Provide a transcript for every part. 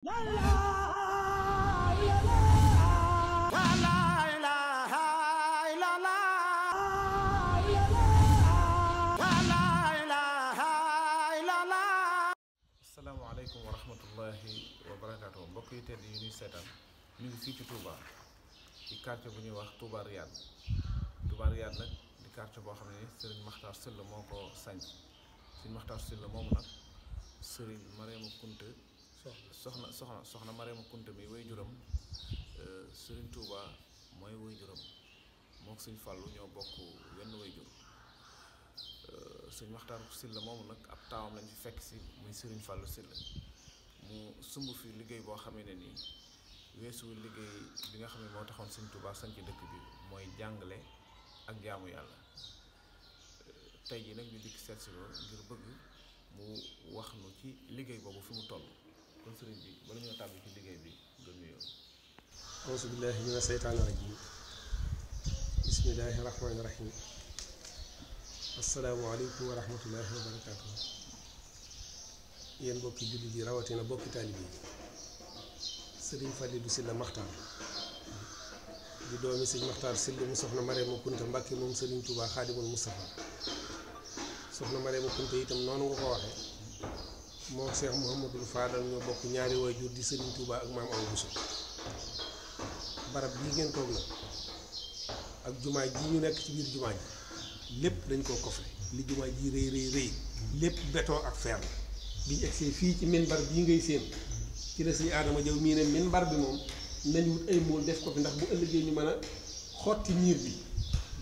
asalaamaaleykum wa rahmatullahi wa barakaatu mbokk yi tedd yi ñuy seetaan ñu ngi fii ci Touba ci quartier bu ñuy wax Touba Riyad Touba Riyad nag di quartier boo xam ne Serigne Makhtar Sylla moo ko sañ Serigne Makhtar Sylla moomu nag Serigne Mariama Kunta soxna soxna soxna Marema Kunta mi way juram euh, Serigne Touba mooy way juram moom sëñ Fallou ñoo bokk wenn way jur euh, Serigne Makhtar Sylla moomu nag ab taawam lañ fi fekk si muy Serigne Fallou Sylla mu sumb fi liggéey boo xamee ni nii weesuwul liggéey bi nga xam ne moo taxoon Serigne sañ ci dëkk bi mooy jàngale ak jaamu yàlla euh, tey jii nag ñu dikk seetsi loolu ngir bëgg mu wax nu ci liggéey boobu fi mu toll kon sëriñ bi bala ñoo tàbbi bismillaahi rahmaani rahiim assalaamu aleykum wa rahmatullaahi wa barakaatu yéen bokki jullit yi rawatina bokki taalibe yi sëriñ Fallilou Sylla Maxtaar di doomi sëñ Maxtaar Sylla mu soxna Mareema Kunta Mbàkke moom sëriñ Tuubaa Xaadimul Mustafaa soxna Mareema Kunta itam noonu nga ko waxee moom Cheikh Mouhamadul Fadal ñoo bokk ñaari waajur di Serigne Touba ak maam Awa Bousso barab bii ngeen toog nag ak jumaa ji ñu nekk ci biir jumaa ji lépp dañ koo kofle li jumaa ji rëy rëy lépp betoo ak fer la bi ñu fii ci minbar yi ngay séen ci la sëñ Adama Jaw mii ne minbar bi moom nañ wut ay mool def ko fi ndax bu ëllëgee ñu mën a xotti miir bi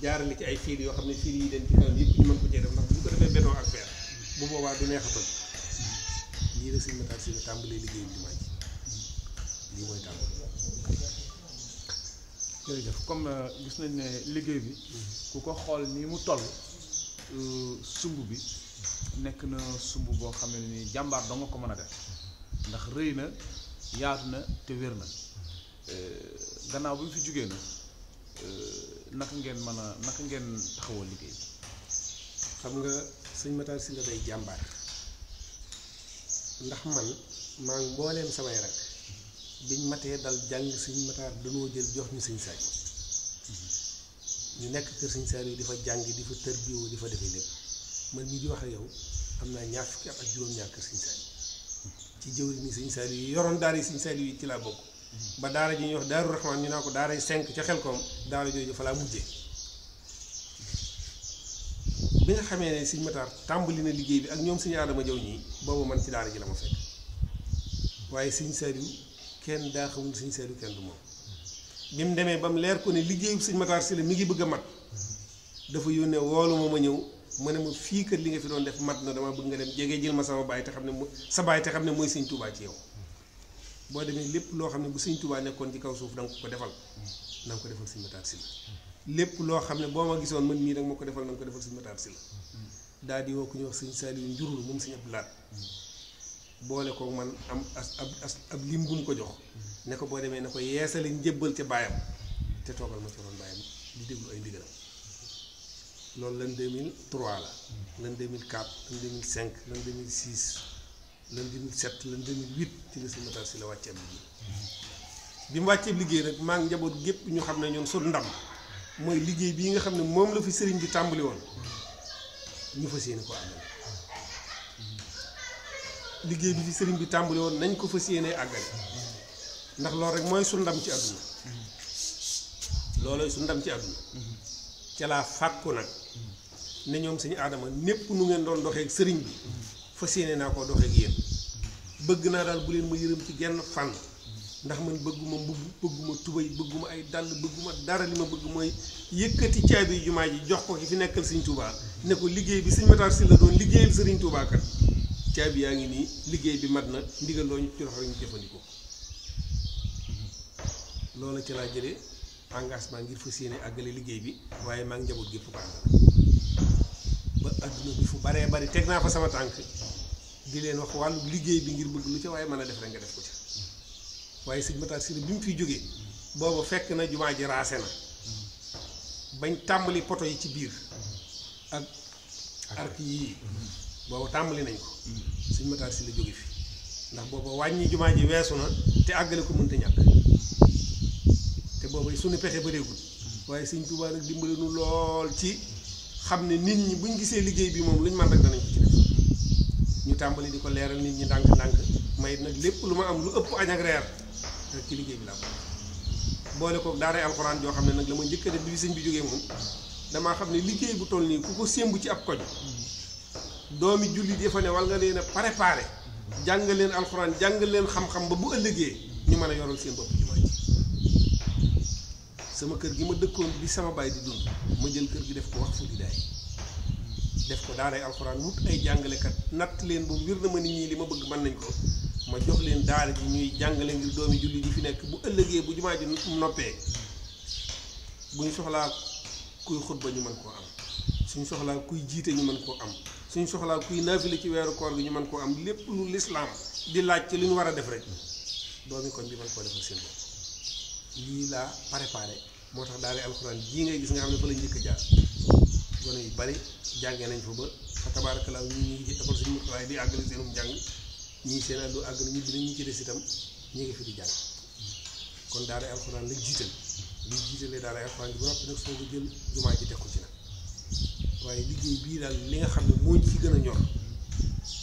jaarale ci ay fiil yoo xam ne fiil yi den ci kanam yëpp ñu mën ko cee def ndax bu ñu ko defee béton bu boobaa lii la sëñ Matar Sylla tàmbalee liggéey jumaa ji lii mooy tàmbali. comme euh, gis nañ ne liggéey bi ku ko xool ni mu toll euh, sumb bi nekk na sumb boo xam ne ni jàmbaar doo nga ko mën a def ndax rëy na yaatu na te wér na euh, gannaaw bi mu fi jógee na naka ngeen mën a naka ngeen taxawal liggéey bi xam nga sëñ Matar Sylla day jàmbaar ndax man maa ngi mbooleem samay rek biñ matee dal jàng sëñ mataar dañoo jël jox ñu sëñ saaj mm-hmm. ñu nekk kër sëñ yi di fa jàng di fa tërbiwoo di fa defee lépp man mii di wax ak yow am naa ñaar fukki at ak juróom-ñaar kër sëñ saaj mm-hmm. ci jëwri ni sëñ saaj yi yoroon daara yi sëñ yi ci laa bokk mm-hmm. ba daara ji ñu wax daaru raxmaan ñu naa ko daaray cinq ca xelkoom daara jooju fa laa mujjee bi nga xamee ne sëñ Matar tàmbali na liggéey bi ak ñoom sëñ Adama Jaw ñii boobu man ci daara ji la ma fekk waaye sëñ Saliou kenn daa xamul sëñ Saliou kenn du moom bi mu demee ba mu leer ko ne liggéeyu sëñ Matar si la mi ngi bëgg a mat dafa yónnee woolu ma ma ñëw ma ne fii kat li nga fi doon def mat na dama bëgg nga dem jege jël ma sama baay te xam ne sa baay xam ne mooy sëñ ci yow boo demee lépp loo xam ne bu sëñ Touba nekkoon ci kaw suuf danga ko defal danga ko defal sëñ Matar si lépp loo xam ne boo ma gisoon man mii danga ma ko defal na nga ko defal suñu mataar si la daal di woo ku ñuy wax sëñ Saliou njurul moom sëñ Abdou Lahat boole ko man am as ab lim bu mu ko jox ne ko boo demee ne ko yeesali njëbbal ca baayam te toogal ma ci roon baayam di déglu ay ndigalam loolu lan 2003 la lan 2004 lan 2005 lan 2006 lan 2007 lan 2008 ci la sëñ Mataar si la wàcce ab liggéey bi mu wàccee liggéey nag maa njaboot gépp ñu xam ne ñoom sul ndam mooy liggéey bii nga xam ne moom la fi sëriñ bi tàmbali woon ñu fas yéene ko àggale liggéey bi fi sëriñ bi tàmbali woon nañ ko fas yéene àggale ndax loolu rek mooy su ndam ci àdduna loolooy su ndam ci àdduna ca laa fàkku nag ne ñoom suñu aadama népp nu ngeen doon doxee sëriñ bi fas yéene naa ko doxee ak bëgg naa daal bu leen ma yërëm ci genn fànn ndax man bëgguma mbubb bëgguma tubay bëgguma ay dàll bëgguma dara li ma bëgg mooy yëkkati caabi jumaa ji jox ko ki fi nekkal sëñ Tuubaa ne ko liggéey bi sëñ Matar Si la doon liggéeyal sëriñ Tuubaa kat caabi yaa ngi nii liggéey bi mat na ndigal loo ci loxo ñu jëfandikoo loola ci laa jëlee engagement ngir fas yéene àggale liggéey bi waaye maa ngi njaboot gi fu ba adduna bi fu baree bari teg naa fa sama tànk di leen wax wàllu liggéey bi ngir bëgg lu ca waaye mën a def rek nga def ko ci waaye sëñ Matar Sylla bi mu fiy jógee booba fekk na jumaa ji raase na bañ tàmbali poto yi ci biir ak arc yii booba tàmbali nañ ko sëñ Matar la jóge fi ndax booba wàññi jumaa ji weesu na te àggale ko mënta ñàkk te booba suñu pexe ba bareegul waaye sëñ Tuubaa nag dimbali nu lool ci xam ne nit ñi buñ gisee liggéey bi moom lu ñu mën rek danañ ñu tàmbali di ko leeral nit ñi ndànk-ndànk may nag lépp lu ma am lu ëpp añ ak reer ci liggéey bi laa ko boole ko daaray alxuraan joo xam ne nag la ma njëkk a bi sëñ bi jógee moom damaa xam ne liggéey bu toll nii ku ko sémb ci ab koñ doomi jullit yi fa ne wal nga leen a préparé jàngal leen alxuraan jàngal leen xam-xam ba bu ëllëgee ñu mën a yoral seen bopp jumaa ji sama kër gi ma dëkkoon bi sama baay di dund ma jël kër gi def ko wax fu def ko daaray alxuraan wut ay jàngalekat natt leen ba wér na ma nit li ma bëgg mën nañ ko ma jox leen daara ji ñuy jàngale ngir doomi julli di fi nekk bu ëllëgee bu jumaa ji noppee buñ soxlaa kuy xutba ñu mën koo am suñ soxlaa kuy jiite ñu mën koo am suñ soxlaa kuy naafile ci weeru koor gi ñu mën koo am lépp lu lislaam di laaj ci li ñu war a def rek doomi kon bi mën koo defal seen bopp lii laa préparé moo tax daara alxuraan jii ngay gis nga xam ne fa la njëkk a jaar gone yu bari jàngee nañ fa ba a tabaarakallaa ñu ngi ci école suñu mutalaay di àggale ñii seen àllu àgg na ñu dinañ ñu ci des itam ñu ngi fi di jàng kon daara alxuraan la jiital li jiitalee daara alxuraan bi ba noppi nag soo ko jël ji teg ci nag waaye liggéey bii daal li nga xam ne moo ci gën a ñor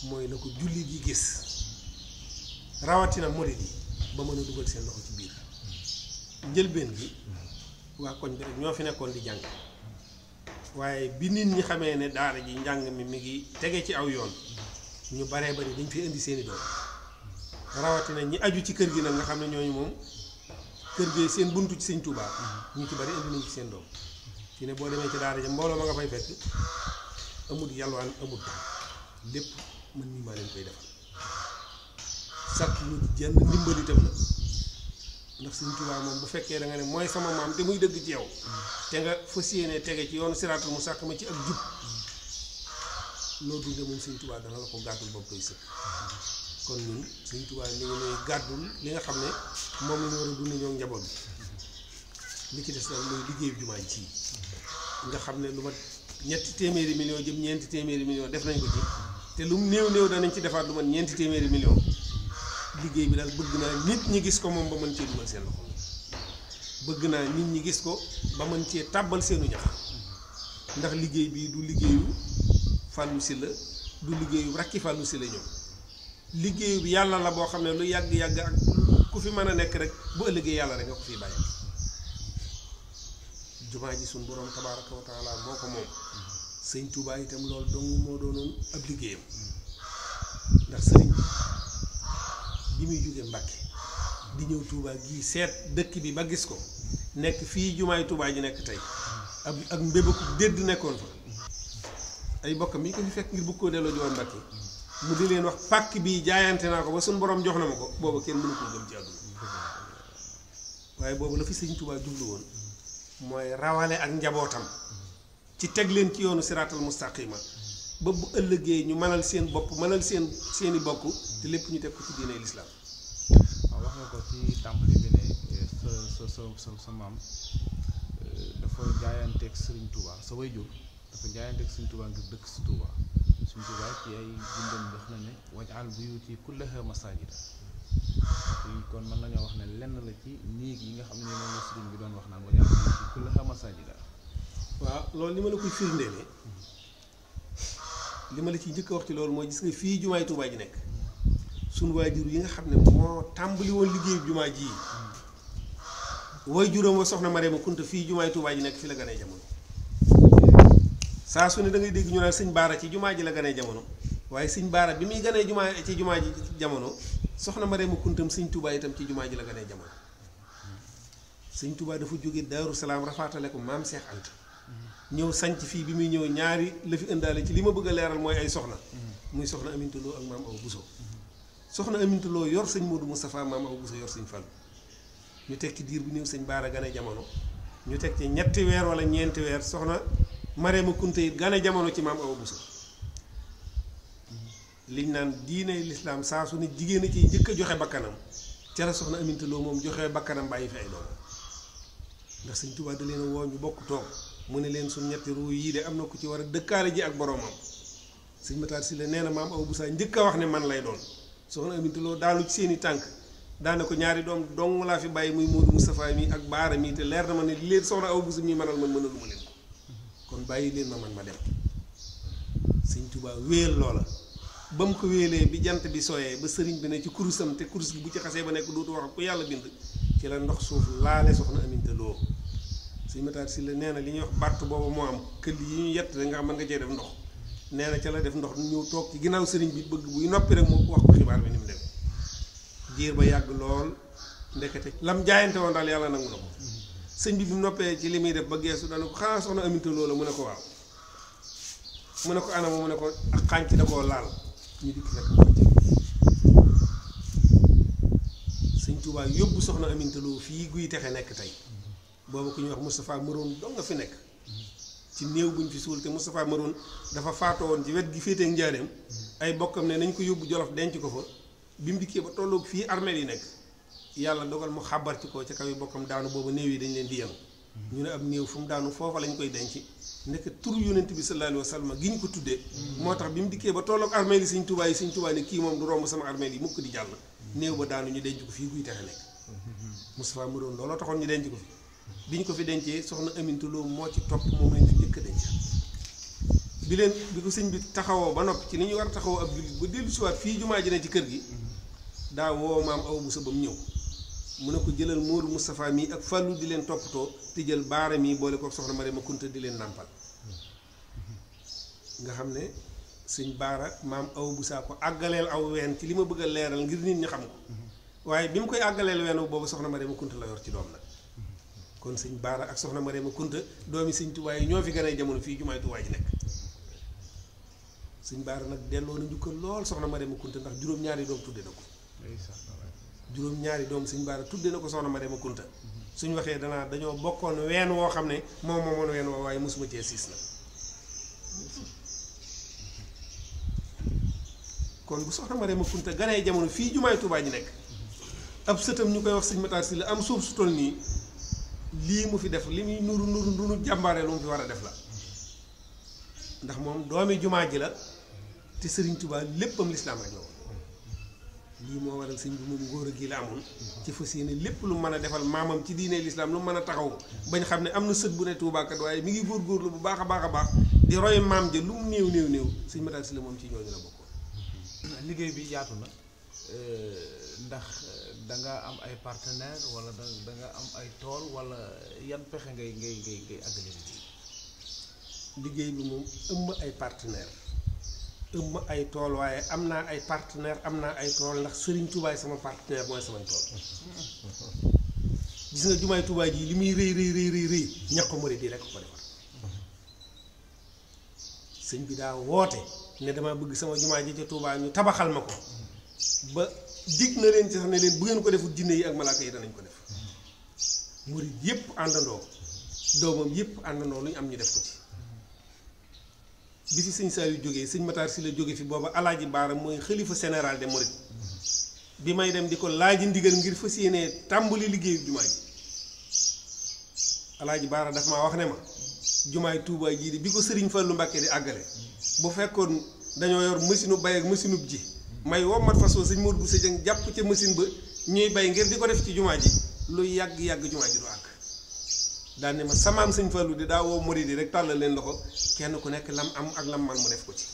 mooy na ko jullit yi gis rawatina murid yi ba mën a dugal seen loxo ci biir njëlbeen bi waa kon ñoo fi nekkoon di jàng waaye bi nit ñi xamee ne daara ji njàng mi mi ngi tege ci aw yoon. ñu baree bari dañ fi indi seeni doom rawatina ñi aju ci kër gi nag nga xam ne ñooñu moom kër gi seen buntu ci sëñ Tuubaa ñu ci bari indi nañ ci seen doom ne boo demee ci daara ja mbooloo ma nga fay fekk amut yalwaan amut lépp mën ni maa koy defal sàkk lu jenn ndimbal itam la ndax moom bu fekkee da nga ne mooy sama maam te muy dëgg ci te nga fas yéene tege ci yoonu siraatul mu sàkk ma ci ak jub loo dundee moom sëñ Tuubaa dana la ko gàddul ba koy sëkk kon ñun sëñ Tuubaa mi ngi lay gàddul li nga xam ne moom la ñu war a dund ñoom njaboot bi li ci des nag mooy liggéeyu jumaa nga xam ne lu ma ñetti téeméeri million jëm ñeenti téeméeri million def nañ ko ci te lu mu néew néew danañ ci defaat lu man ñeenti téeméeri million liggéey bi daal bëgg naa nit ñi gis ko moom ba mën cee dugal seen loxo bëgg naa nit ñi gis ko ba mën cee tàbbal seenu ñax ndax liggéey bi du liggéeyu Fallou Sylla du liggéeyu rakki Fallou Sylla ñoom liggéeyu bi yàlla la boo xam ne lu yàgg yàgg ak ku fi mën a nekk rek bu ëllëgee yàlla rek nga ko fiy bàyyi jumaa ji suñu borom tabaaraka wa taala ko moom sëñ Touba itam loolu dong moo doonoon ab liggéeyam ndax sëriñ bi muy jóge Mbàkke di ñëw Touba gii seet dëkk bi ba gis ko nekk fii jumaay Touba ji nekk tey ab ak mbébéku nekkoon fa ay mbokkam yi ko fi fekk ngir bëgg koo delloo ji woon mu di leen wax pakk bi jaayante naa ko ba suñu borom jox na ma ko booba kenn mënu ko ci àdduna waaye boobu la fi sëñ Tuubaa jublu woon mooy rawale ak njabootam ci teg leen ci yoonu siraatal mustaqima ba bu ëllëgee ñu mënal seen bopp mënal seen seeni bokk te lépp ñu teg ko ci diine lislaam waaw wax ko ci tàmbali bi ne sa sa sa sa maam dafa jaayanteeg sa way jur dafa jaayante ak suñ Tuubaa ngir dëkk si Tuubaa suñ Tuubaa ci ay bindam wax na ne waj'al buyuti kullaha masajida kon mën nañoo wax ne lenn la ci néeg yi nga xam ne moom la bi doon wax naan waj'al buyuti kullaha masajida waaw loolu li ma la koy firndeel ma la ciy njëkk wax ci loolu mooy gis fii jumaay Tuubaa ji nekk suñ waajur yi nga xam ne moo tàmbali woon liggéey jumaa ji way juróom wa soxna a Kunta fii jumaay Tuubaa ji nekk fi la gane jamono saa su ne da ngay dégg ñu naan sëñ baara ci jumaa ji la ganee jamono waaye sëñ baara bi muy ganee jumaa ci jumaa ji jamono soxna ma kuntam sëñ Touba itam ci jumaa ji la ganee jamono sëñ Touba dafa jóge Daaru Salaam rafaatale ko maam Seex Anta ñëw sanc fii bi muy ñëw ñaari la fi indaale ci li ma bëgg a leeral mooy ay soxna muy soxna Aminta ak maam Awa Bousso soxna Aminta Lo yor sëñ Modou Moustapha maam Awa Bousso yor sëñ Fall ñu teg ci diir bi néew sëñ baara ganee jamono ñu teg ci ñetti weer wala ñeenti weer soxna Marème ma yi gane jamono ci maam Awa Bousso liñ naan diine lislaam saa su ne jigéen a ciy njëkk a joxe bakkanam ca la soxna Aminta moom joxe bakkanam bàyyi fi ay doom ndax Sëñ Tuubaa da leen woo ñu bokk toog mu ne leen su ñetti ruu yii de am na ko ci war a dëkkaale ji ak boromam ma Matar Si la nee na maam Awa Bousso njëkk a wax ne man lay doon soxna Aminta Lo daalu ci seen tànk daana ko ñaari doom dong laa fi bàyyi muy Modou Moustapha mi ak Baara mi leer na ma ne li leen soxna Awa Bousso mi mënal man mënalu ma leen bàyyi leen ma man ma dem sëñ Tuubaa wéel loola ba mu ko wéelee bi jant bi sooyee ba sëriñ bi ne ci kurusam te kurus bi bu ci xasee ba nekk du wax ku yàlla bind ci la ndox suuf laale soxna Aminta Lo sëñ Mataar si la nee na li ñuy wax bàtt boobu moo am këll yi ñu yett da nga mën nga cee def ndox nee na ca la def ndox ñu toog ci ginnaaw sëriñ bi bëgg buy noppi rek moo wax ko xibaar bi ni mu dem diir ba yàgg lool ndekete lam jaayante woon daal yàlla nangu sëñ bi bi ci li muy def ba geesu dana ko xanaa soxna Aminta mu ne ko waaw mu ne ko anama mu ko laal ñu yóbbu soxna Aminta loo fii guy texe nekk tey boobu ku ñuy wax Moustapha Maroon dong nga fi nekk ci néew buñ fi suul te Moustapha Maroon dafa faatoo woon ci wet gi féeteeg njaareem ay bokkam ne nañ ko yóbbu Jolof denc ko fa bi mu dikkee ba tolloog fii armeel yi nekk yàlla dogal mu xàbbar ci ko ci kaw yi bokkam daanu boobu néew yi dañ leen di yem ñu ne ab néew fu mu daanu foofa lañ koy denc nekk tur yonent bi sallallahu alayhi wa sallam gi ñu ko tuddee moo tax bi mu dikkee ba tolloog armeel yi Sëñ Tuubaa yi Sëñ kii moom du romb sama armeel yi mukk di jàll néew ba daanu ñu denc ko fii guy texe nekk Moustapha mu doon looloo taxoon ñu denc ko fi bi ñu ko fi dencee soxna Aminta Lo moo ci topp moom lañ fi jëkk denc bi leen bi ko sëñ bi taxawoo ba noppi ci ni ñu war a taxawoo ab jullit ba dellu siwaat fii jumaa ji ci kër gi daa woo maam aw bu sa ba mu ñëw mu ne ko jëlal Moodu Moustapha mii ak Fallou di leen toppatoo te jël baara mii boole ko soxna Mariama Kunta di leen nàmpal nga xam ne sëñ baara maam aw bu saa ko àggaleel aw ween ci li ma bëgg a leeral ngir nit ñi xam ko waaye bi mu koy àggaleel weenu boobu soxna Mariama Kunta la yor ci doom nag kon sëñ baara ak soxna Mariama Kunta doomi sëñ Tuubaa yi ñoo fi gën a jamono fii jumaay Tuubaa ji nekk sëñ nag delloo na njukkal lool soxna Mariama Kunta ndax juróom-ñaari doom tudde na ko juróom-ñaari doom sëñ baara tudde na ko soxna ma dema kunta suñ waxee danaa dañoo bokkoon ween woo xam ne moom moomoon ween woo waaye mosuma cee siis na kon bu soxna ma dema kunta ganee jamono fii jumaay Tuubaa ji nekk ab sëtam ñu koy wax sëñ Matar Si la am suuf su toll nii lii mu fi def li muy nuru nuru nuru jàmbaare lu mu fi war a def la ndax moom doomi jumaa ji la te sëriñ Tuubaa léppam lislaam la lii moo waral sëñ bi mu ngóor a gi la amoon ci fas yéene lépp lu mën a defal maamam ci diine lislaam lu mën a taxaw bañ xam ne am na sët bu ne tuubaakat waaye mi ngi góorgóorlu bu baax a baax a baax di roy maam ja lu mu néew néew néew sëñ Matar Sylla moom ci ñooñu la bokkoon liggéey bi yaatu na eh, ndax eh, da nga am ay partenaire wala da am ay tool wala yan pexe ngay ngay ngay ngay àggale liggéey bi moom ëmb ay partenaire ma ay tool waaye am naa ay partenaire am naa ay tool ndax Serigne Touba sama partenaire mooy samay tool gis nga jumaay Touba ji li muy rëy rëy rëy rëy ñax ko murid yi rek ko defar sëñ bi daa woote ne dama bëgg sama jumaa ji ca Touba ñu tabaxal ma ko ba dig na leen ci sax ne leen bu ngeen ko defut jinne yi ak malaaka yi danañ ko def murid yëpp àndandoo doomam yépp àndandoo lu ñu am ñu def ko ci di fi sëñ Saliou jógee sëñ Matar si la jóge fi booba alaaji baara mooy xalifa général des mourides bi may dem di ko laaji ndigal ngir fas yéenee tàmbali liggéeyu jumaa ji alaaji baara daf ma wax ne ma jumaay tuubaay jii di bi ko sëriñ lu Mbàkke di àggale bu fekkoon dañoo yor machine bay ak machine ji may wommat fasoo sëñ Modou Bousso Dieng jàpp ca machine ba ñuy bay ngir di ko def ci jumaa ji lu yàgg-yàgg jumaa ji du àgg daan ne ma samaam sëñ Fallou di daa woo murid rek tàllal leen loxo kenn ku nekk lam am ak lam man mu def ko ci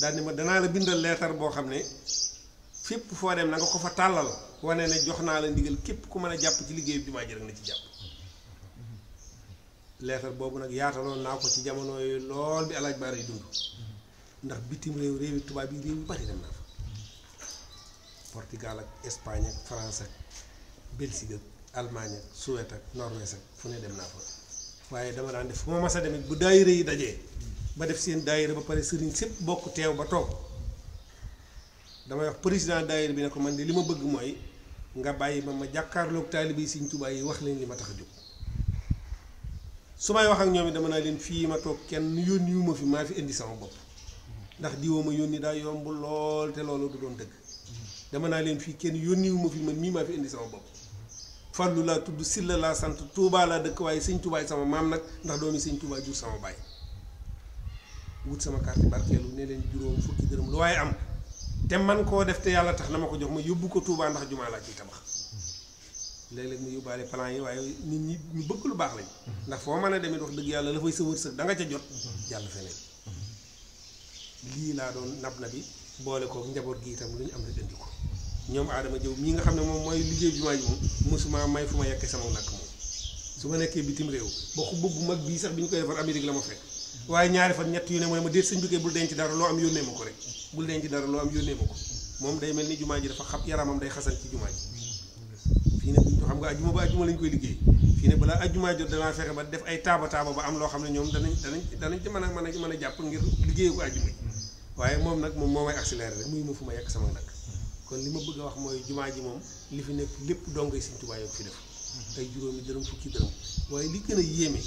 daan ne ma danaa la bindal leetar boo xam ne fépp foo dem na nga ko fa tàllal wane ne jox naa la ndigal képp ku mën a jàpp ci liggéey bi ji rek na ci jàpp leetar boobu nag yaataloon naa ko ci jamono yooyu lool bi alaaj baara yi dund ndax bitim réew réewi tubaab yi réew yu bari dem naa fa Portugal ak Espagne ak France ak Belgique Allemagne ak Suède fune dem na fa waye dama daan def fuma massa mas demit bu daayira yi dajé ba def seen daayira ba pare serigne sépp bokku tew ba tok dama wax président daayira bi ne ko man de li ma bëgg moy nga bàyyi ma ma jàkkaarloog taalibe yi serigne touba yi wax leen lima tax juk sumay wax ak ñoomi dama na leen fi ma tok kenn ma fi ma fi indi sama bop ndax diwoo ma yoni da yomb lol te lolou du doon dëgg dama na leen fi kenn yoni ma fi man mi ma fi indi sama bop far lu laa tudd Silla laa sant Touba laa dëkk waaye sëñ Touba sama maam nag ndax doomi sëñ Touba jur sama baay wut sama carte barkeelu ne leen juróom fukki dërëm lu waaye am te man koo def te yàlla tax na ma ko jox ma yóbbu ko Touba ndax jumaa laa ciy tabax léeg-léeg mu yóbbaale plan yi waaye nit ñi ñu bëgg lu baax lañ ndax foo man a demee wax dëgg yàlla la fay sa wërsëg da nga ca jot jàll feneen lii laa doon nab na bi boole kook njaboot gi itam am rek ñoom aadama jëw mii nga xam ne moom mooy liggéey jumaa ji moom may fu ma yekke sama làkk moom su ma nekkee bitim réew ba xubba bu mag bii sax bi ñu koy defar Amérique la ma fekk waaye ñaari fan ñett yu ne mu ne ma déet sëñ bi koy bul denc ma ko rek bul denc dara loo am yónnee ma ko moom day mel ni jumaa ji dafa xab yaramam day xasan ci jumaa xam nga ajuma koy liggéey fii ne balaa ajuma jot danaa fexe ba def ay taaba taaba ba am loo xam ne ñoom danañ danañ danañ ci a mën a a jàpp ngir liggéey ko ajuma ji waaye moom nag moom moo may accéléré rek muy ma fu ma yekk sama nag kon li ma bëgg a wax mooy jumaa ji moom li fi nekk lépp dongay Sëñ Tuubaa yoo fi def mm-hmm. ay juróomi dërëm fukki dërëm waaye li gën a yéeme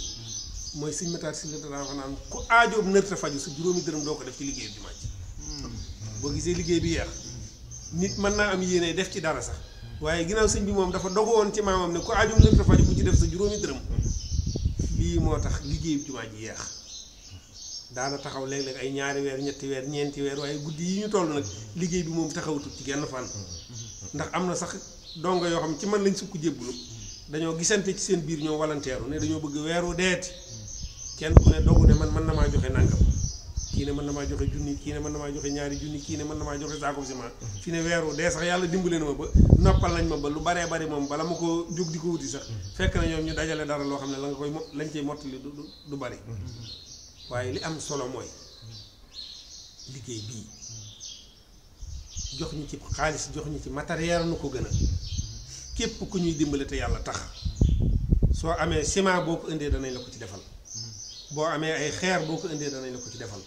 mooy sëñ Matar si la dana naan ku aajoob nërta faju sa juróomi dërëm doo ko def ci liggéey jumaa ji mm-hmm. boo gisee liggéey bi yeex mm-hmm. nit mën naa am yéene def ci dara sax waaye ginnaaw sëñ bi moom dafa dogu woon ci maamam ne ku aajoob nërta faju bu ci def sa juróomi dërëm lii moo tax liggéey bi jumaa ji yeex daana taxaw léeg-léeg ay ñaari weer ñetti weer ñeenti weer waaye guddi yi ñu toll nag liggéey bi moom taxawatul ci genn fànn ndax am na sax dongo yoo xam ci man lañ sukk jébbulu dañoo gisante ci seen biir ñoo walanteeru ne dañoo bëgg weeru deeti kenn ku ne dogu ne man mën na maa joxe nangam kii ne mën na maa joxe junni kii ne mën na maa joxe ñaari junni kii ne mën na maa joxe saako ciment fi ne weeru dee sax yàlla dimbale na ma ba noppal nañ ma ba lu baree bari moom bala ma ko jóg di ko wuti sax fekk na ñoom ñu dajale dara loo xam ne la nga koy lañ cey mottali du bari waaye li am solo mooy liggéey bii jox ñu ci xaalis jox ñu ci matériel nu ko gën a képp ku ñuy dimbale te yàlla tax soo amee ciment boo ko indee danañ la ko ci defal boo amee ay xeer boo ko indee danañ la ko ci defal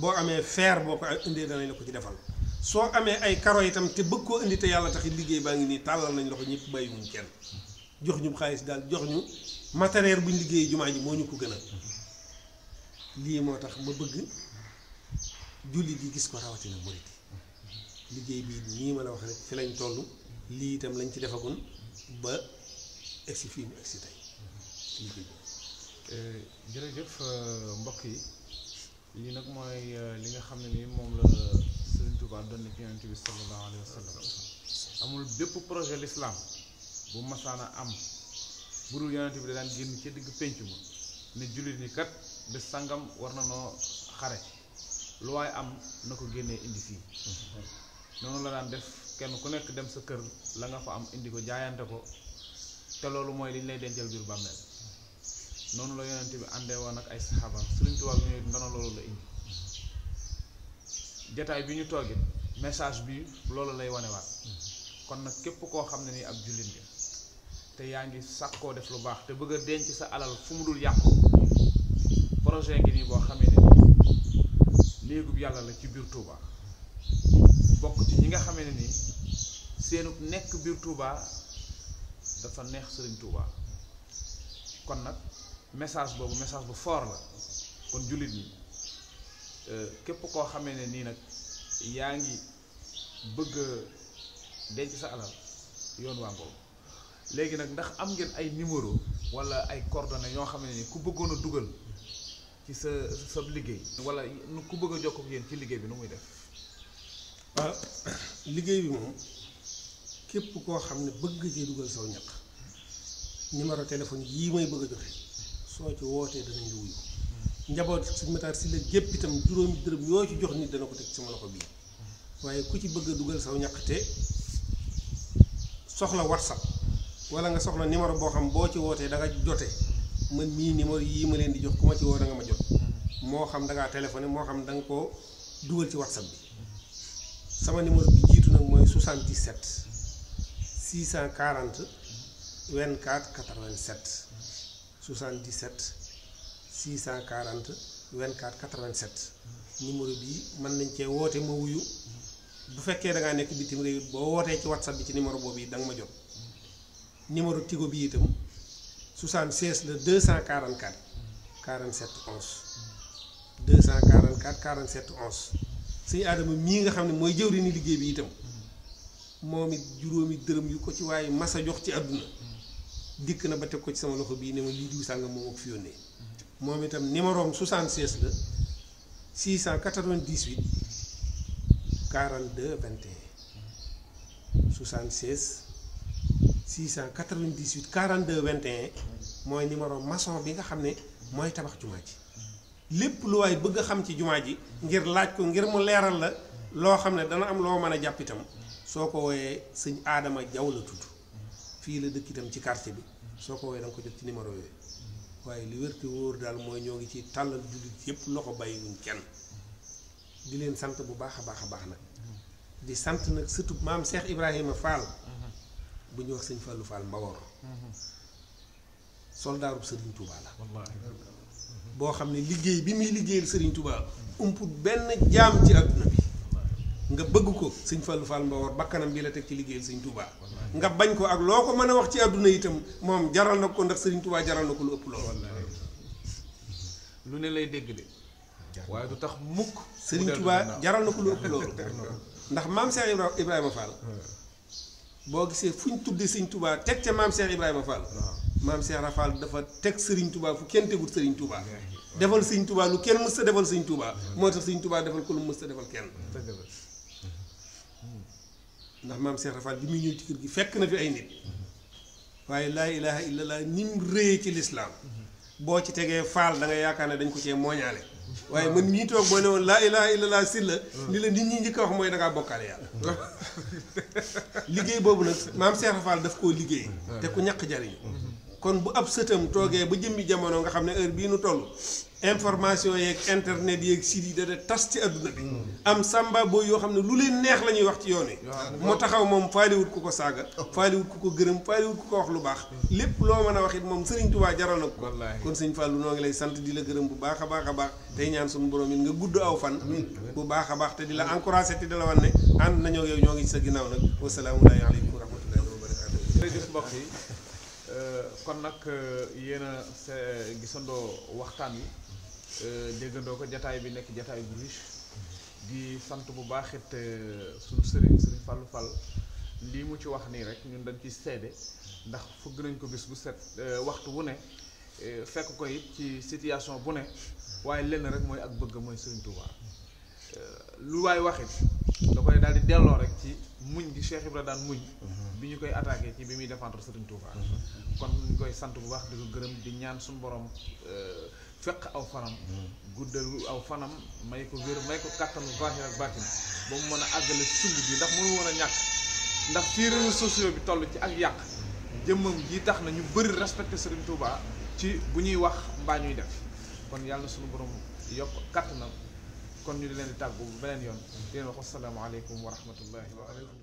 boo amee fer boo ko indee danañ la ko ci defal soo amee ay karo itam te bëgg koo indi te yàlla tax liggéey baa ngi nii tàllal nañ loxo ñëpp bàyyi wuñ kenn jox ñu xaalis daal jox ñu matériel buñ liggéey jumaa ji moo ñu ko gën a lii moo tax ma bëgg jullit yi gis ko rawatina murit yi liggéey bii nii ma la wax rek fi lañ toll lii itam lañ ci defagun ba egsi fii mu egsi tey liggéey bi eh, jërëjëf euh, mbokk yi lii nag mooy euh, li nga xam ne ni moom la Sëriñ Tuubaa doon ci yonent bi sallallahu alayhi amul bépp projet l'islam bu masaana am budul yonent bi da daan génn ca diggu pénc ma ne jullit ñi kat bés sangam war na noo xare lu waaye am na ko génnee indi fii noonu la daan def kenn ku nekk dem sa kër la nga ko am indi ko jaayante ko te loolu mooy liñ ñu lay dencal biir bàmmeel noonu la yonent bi àndee woon nag ay saxaabaam Sëriñ Tuubaa bi ñëwee ndono loolu la indi jataay bi ñu toogit message bi loolu lay wanewaat kon nag képp koo xam ne nii ab jullit nga te yaa ngi koo def lu baax te bëgg a denc sa alal fu mu dul yàqu projet ngi nii boo xamee ne néegub yàlla la ci biir Touba bokk ci ñi nga xamee ne nii seenu nekk biir Touba dafa neex Serigne Touba kon nag message boobu message bu fort la kon jullit ñi euh, képp koo xamee ne nii nag yaa ngi bëgg denc sa alal yoon waa ngoom léegi nag ndax am ngeen ay numéro wala ay coordonnées yoo xam ne ni ku bëggoon a dugal. ci sa sa liggéey. wala ku bëgg a jokk ak yéen ci liggéey bi nu muy def. waaw ah, liggéey bi moom képp koo xam ne bëgg cee dugal saw ñaq numéro téléphone yii may bëgg a joxe soo ci wootee danañ la wuyu. njaboot si mataar si la gépp itam juróomi dërëm yoo ci jox nit dana ko teg sama loxo bii waaye ku ci bëgg a dugal saw ñaq te soxla whatsapp wala nga soxla numéro boo xam boo ci wootee da nga jote man mii numéro yii ma leen di jox ku ma ci woo da nga ma jot mm-hmm. moo xam dangaa ngaa moo xam danga koo dugal ci whatsapp bi mm-hmm. sama numéro bi jiitu nag mooy 77 640 24 87 77 640 24 87 numéro bii mën nañ cee woote ma wuyu mm-hmm. bu fekkee da ngaa nekk bitim réew boo wootee ci whatsapp bi ci numéro boobu yi danga ma jot numéro tigo bi itam. la 76 le 244 47 11 244 47 11 sëñ Adama mii nga xam ne mooy jëwri ni liggéey bi itam moom it juróomi dërëm yu ko ci waaye mas a jox ci àdduna dikk na ba teg ko ci sama loxo bii ne ma lii diw sàngam moom ak fi yónnee moom itam numéroom 76 la 698 698 42 21 mooy numéro maçon bi nga xam ne mooy tabax jumaa ji lépp lu waaye bëgg a xam ci jumaa ji ngir laaj ko ngir mu leeral la loo xam ne dana am loo mën a jàpp itam soo ko wooyee sëñ aadama Jaw la tudd fii la dëkk itam ci quartier bi soo ko wooyee da nga ko jot ci numéro yooyu waaye li wérte wóor daal mooy ñoo ngi ci tàllal jullit yépp loxo bàyyiwuñ kenn di leen sant bu baax a baax a baax nag di sant nag surtout maam Cheikh Ibrahima Fall bu ñuy wax sëñ Fallou Fall Mbawor soldaaru Serigne Touba la. boo xam ne liggéey bi muy liggéeyal Serigne Touba umput benn jaam ci adduna bi. nga bëgg ko sëñ Fallou Fall Mbawor bakkanam bi la teg ci liggéeyal sëñ Touba nga bañ ko ak loo ko mën a wax ci àdduna itam moom jaral na ko ndax sëriñ Touba jaral na ko lu ëpp loolu ne lay dégg de waaye du mukk sëriñ Touba jaral na ko ndax maam Cheikh Ibrahima Fall boo gisee fu ñu tuddee sëñ Touba teg ca maam Cheikh Ibrahima Fall. maam Cheikh Rafal dafa teg Serigne tubaa fu kenn tegul Serigne tubaa defal siñ tubaa lu kenn mës sa defal Serigne tubaa moo tax Serigne tubaa defal ko lu mës a defal kenn. ndax maam Cheikh Rafal bi muy ñëw ci kër gi fekk na fi ay nit. waaye laa ilaha illallah ni mu rëyee ci lislaam mm-hmm. boo ci tegee faal da yaakaar ne dañ ko cee mooñaale. waaye man mii toog boo ne woon laa ilaha illallah si la li la nit ñi njëkk wax mooy da ngaa bokkaale yàlla liggéey boobu nag maam Cheikh Fall daf koo liggéey te ku ñàkk jariñ mm-hmm. kon bu ab sëtam toogee ba jëmmi jamono nga xam ne heure bii nu toll information yeeg internet yeeg site yi dana tas ci adduna bi. am samba booy yoo xam ne lu leen neex la ñuy wax ci yoon yi. moo taxaw moom faaliwut ku ko saaga. faaliwut ku ko gërëm faaliwut ku ko wax lu baax. lépp loo mën a wax it moom Serigne Touba jaral na ko. kon sëñ Fallou noo ngi lay sant di la gërëm bu baax a baax a baax. tey ñaan suñu borom it nga gudd aw fan. bu baax a baax te di la encouragé te di la wan ne ànd nañoo yow ñoo ngi ci sa ginnaaw nag wasalaamualeykum wa rahmatullahi wa barakatuh. jërëjëf mbokk yi euh, kon nag euh, yéen a gisandoo wi Euh, déggandoo ko jataay bi nekk jataay bu riche di sant bu baax it euh, suñu sëriñ sëriñ Fallou Fall lii mu ci wax nii rek ñun dañ ci seede ndax fëgg nañ ko bis bu set euh, waxtu wu ne fekk ko it ci situation bu ne waaye lenn rek mooy ak bëgg mooy sëriñ Touba lu waay wax it da koy daal di delloo rek ci muñ gi Cheikh la daan muñ mhm. bi ñu koy attaqué ci bi muy défendre sëriñ Touba mhm. kon ñu koy sant bu baax di ko gërëm di ñaan suñu borom fekk aw fanam guddal aw fanam may ko wér may ko kàttanu zahir ak baatin ba mu mën a àggale sumb bi ndax mënu woon a ñàkk ndax fii réseaux bi toll ci ak yàq jëmmam ji tax na ñu bëri respecté Serigne Touba ci bu ñuy wax mbaa ñuy def kon yàlla na suñu borom yokk kàttanam kon ñu di leen di tàgg bu beneen yoon di leen wax asalaamaaleykum wa rahmatullahi